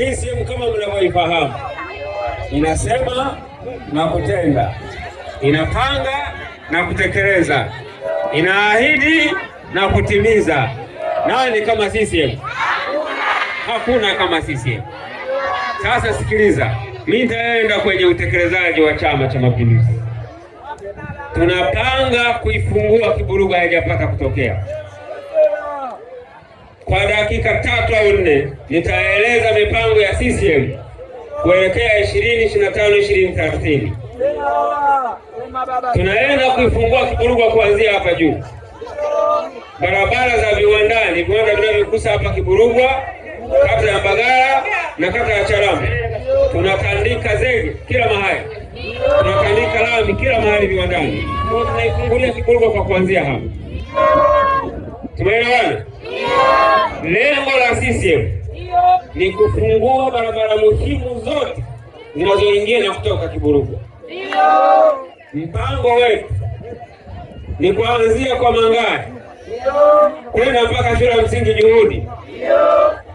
CCM kama mnavyoifahamu inasema na kutenda, inapanga na kutekeleza, inaahidi na kutimiza. Nani kama CCM? Hakuna kama CCM. Sasa sikiliza, mimi nitaenda kwenye utekelezaji wa Chama cha Mapinduzi. Tunapanga kuifungua Kiburuga haijapata kutokea kwa dakika tatu au nne nitaeleza mipango ya CCM kuelekea 2025 2030. Tunaenda kuifungua Kiburugwa kuanzia hapa juu, barabara za viwandani, viwanda vinavyokusa hapa Kiburugwa, kata ya Mbagala na kata ya Charambe tunatandika zege kila mahali, tunatandika lami kila mahali viwandani. Tunaifungulia Kiburugwa kwa kuanzia hapa. Tumeelewana? Lengo la CCM ni kufungua barabara muhimu zote zinazoingia na kutoka Kiburugwa. Mpango wetu ni kuanzia kwa Mangari kwenda mpaka shule ya msingi Juhudi,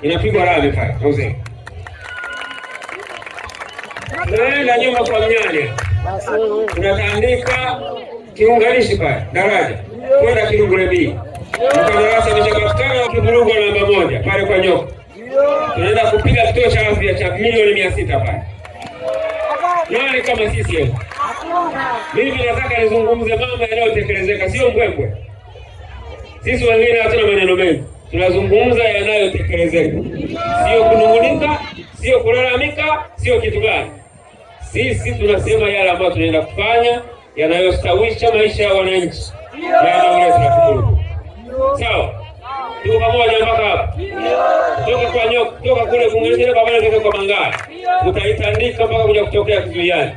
inapigwa rami pale Hosea, naenda nyuma kwa Mnyanya, tunatandika kiunganishi pale daraja kwenda Kilungule Mkandarasi amechangamkana wa namba moja pale kwa Nyoka, tunaenda kupiga kituo cha afya cha milioni mia sita pale. Nani kama sisi? Mimi nataka nizungumze mambo yanayotekelezeka, sio mbwembwe. Sisi wengine hatuna maneno mengi, tunazungumza yanayotekelezeka, sio kunung'unika, sio kulalamika, sio kitu gani. Sisi tunasema yale ambayo tunaenda kufanya yanayostawisha maisha ya wananchi. Sawa, tuko pamoja mpaka hapo. Toka kwa nyoka, toka kule kungelezea baba yake kwa mangara. Utaitandika mpaka kuja kutokea kizuiani.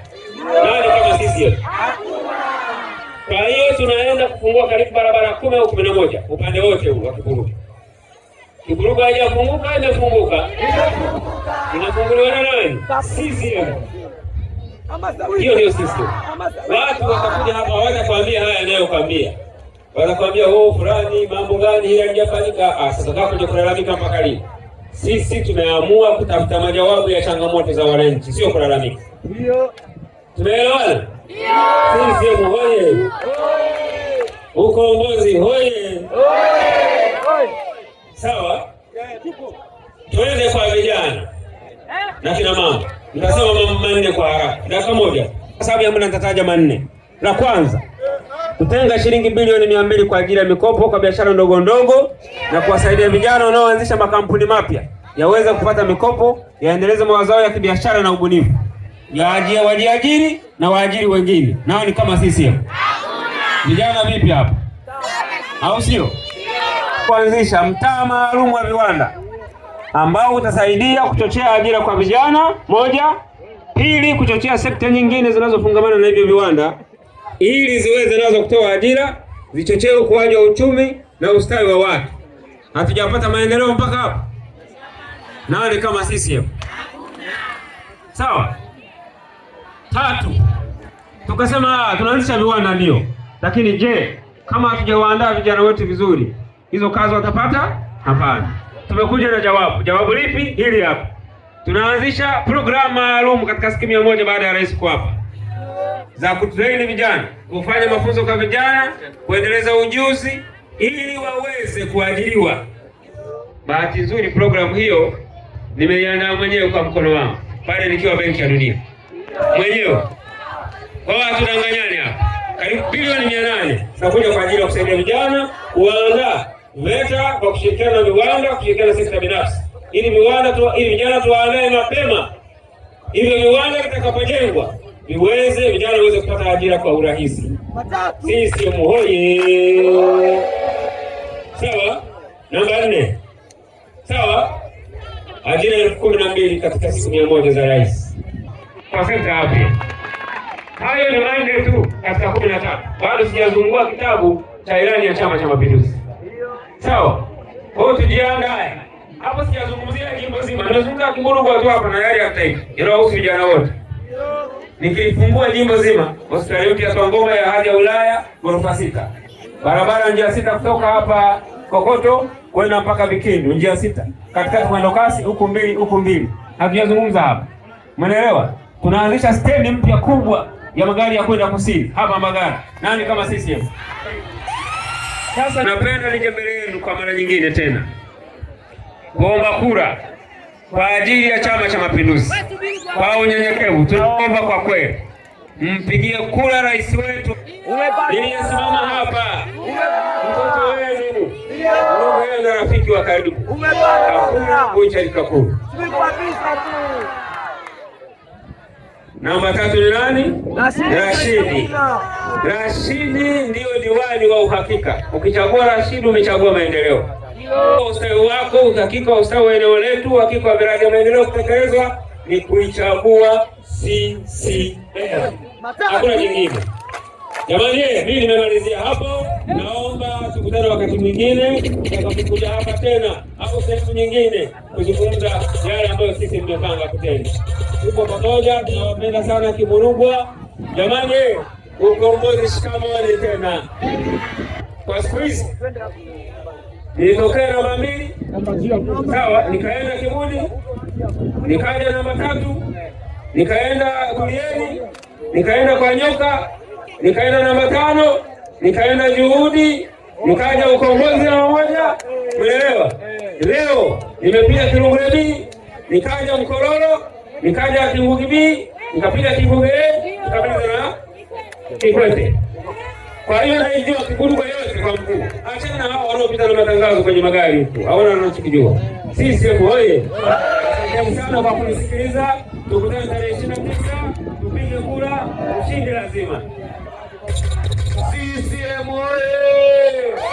Nani kama sisi? Kwa hiyo tunaenda kufungua karibu barabara kumi au kumi na moja upande wote huu wa Kiburuga. Kiburuga haijafunguka, imefunguka. Inafunguliwa na nani? Sisi. Hiyo ndio sisi. Watu watakuja hapa watakwambia haya yanayokwambia wanakwambia oh, fulani mambo gani hili halijafanyika. Ah, sasa kaka, kuja kulalamika mpaka lini? Sisi tumeamua kutafuta majawabu ya changamoto za wananchi, sio kulalamika. Ndio tumeelewana. Sisi hoye, ukombozi hoye, sawa. tuende kwa vijana eh? na kina mama, nitasema mambo manne kwa haraka, dakika moja, sababu ambayo nitataja manne. La kwanza kutenga shilingi bilioni mia mbili kwa ajili ya mikopo kwa biashara ndogo ndogo na kuwasaidia vijana wanaoanzisha makampuni mapya yaweze kupata mikopo yaendeleze mawazo yao ya kibiashara na ubunifu, yaajie wajiajiri na waajiri wengine, nao ni kama sisi vijana. Vipi hapa, au sio? Kuanzisha mtaa maalum wa viwanda ambao utasaidia kuchochea ajira kwa vijana moja, pili, kuchochea sekta nyingine zinazofungamana na hivyo viwanda ili ziweze nazo kutoa ajira, zichochee ukuaji wa uchumi na ustawi wa watu. Hatujapata maendeleo mpaka hapo? nani kama sisi? hapo? Sawa. Tatu, tukasema ah, tunaanzisha viwanda, ndio, lakini je, kama hatujawaandaa vijana wetu vizuri, hizo kazi watapata? Hapana. Tumekuja na jawabu. Jawabu lipi? Hili hapa. Tunaanzisha programu maalum katika siku mia moja baada ya rais kuapa za kutrain vijana, kufanya mafunzo kwa vijana, kuendeleza ujuzi ili waweze kuajiriwa. Bahati nzuri programu hiyo nimeiandaa mwenyewe kwa mkono wangu pale nikiwa Benki ya Dunia mwenyewe kwa watu danganyani hapa, karibu bilioni mia nane nakuja kwa ajili ya kusaidia vijana kuandaa VETA kwa kushirikiana na viwanda, kushirikiana na sekta binafsi, ili viwanda tu, ili vijana tuwaandae mapema, hivyo viwanda vitakapojengwa viweze vijana waweze kupata ajira kwa urahisi. CCM muhoye Sawa. Namba nne, sawa, ajira elfu kumi na mbili katika siku mia moja za rais kwa sekta ya afya. Hayo ni manne tu katika kumi na tatu. Bado sijazungua kitabu cha ilani ya Chama cha Mapinduzi, sawa. Kwa hiyo tujiandae hapo, sijazungumzia jimbo zima, nazungumza Kunguru kwa tu hapa na yale ya taifa inayohusu vijana wote nikilifungua jimbo zima hospitali ya Twangoma ya hadhi ya ulaya ghorofa sita, barabara njia sita kutoka hapa Kokoto kwenda mpaka Vikindu njia sita, katikati mwendo kasi huku mbili huku mbili, hatujazungumza hapa, mwenelewa. Tunaanzisha stendi mpya kubwa ya magari ya kwenda kusini hapa Mbagala. Nani kama hapa? Sasa napenda nije mbele yenu kwa mara nyingine tena kuomba kura kwa ajili ya Chama cha Mapinduzi. Kwa unyenyekevu tunaomba kwa kweli mpigie kura rais wetu niliyesimama hapa, mtoto wenu, ndugu yenu na rafiki wa karibu. Hakuna kunja likakuu. Namba tatu ni nani? Rashidi. Rashidi ndiyo diwani wa uhakika. Ukichagua Rashidi umechagua maendeleo. Ustawi wako, uhakika wa ustawi wa eneo letu, uhakika wa miradi ya maendeleo kutekelezwa ni kuichagua CCM, hakuna nyingine. Jamani, mimi nimemalizia hapo. Naomba tukutane wakati mwingine, tutakapokuja hapa tena au sehemu nyingine kuzungumza yale ambayo sisi tumepanga kutenda. Tuko pamoja, tunawapenda sana Kimurugwa. Jamani, ukombozi shikamoni tena kwa siku hizi nilitokea namba mbili, sawa, nikaenda kibuni nikaja namba tatu, nikaenda Kulieni, nikaenda kwa nyoka, nikaenda namba tano, nikaenda Juhudi, nikaja Ukombozi namba moja, umeelewa? Leo nimepiga Kirungu B, nikaja Mkororo, nikaja Kingugi nikapiga Kingugi A, nikapiga na Kikwete. Kwa hiyo naijua Kiguruga yote kwa mkuu, achana na hao wanaopita na matangazo kwenye magari huku, hawana wanachokijua. Sisi oye, asanteni sana kwa kunisikiliza. Tukutane tarehe ishirini na tisa tupige kura, ushindi lazima. CCM oye!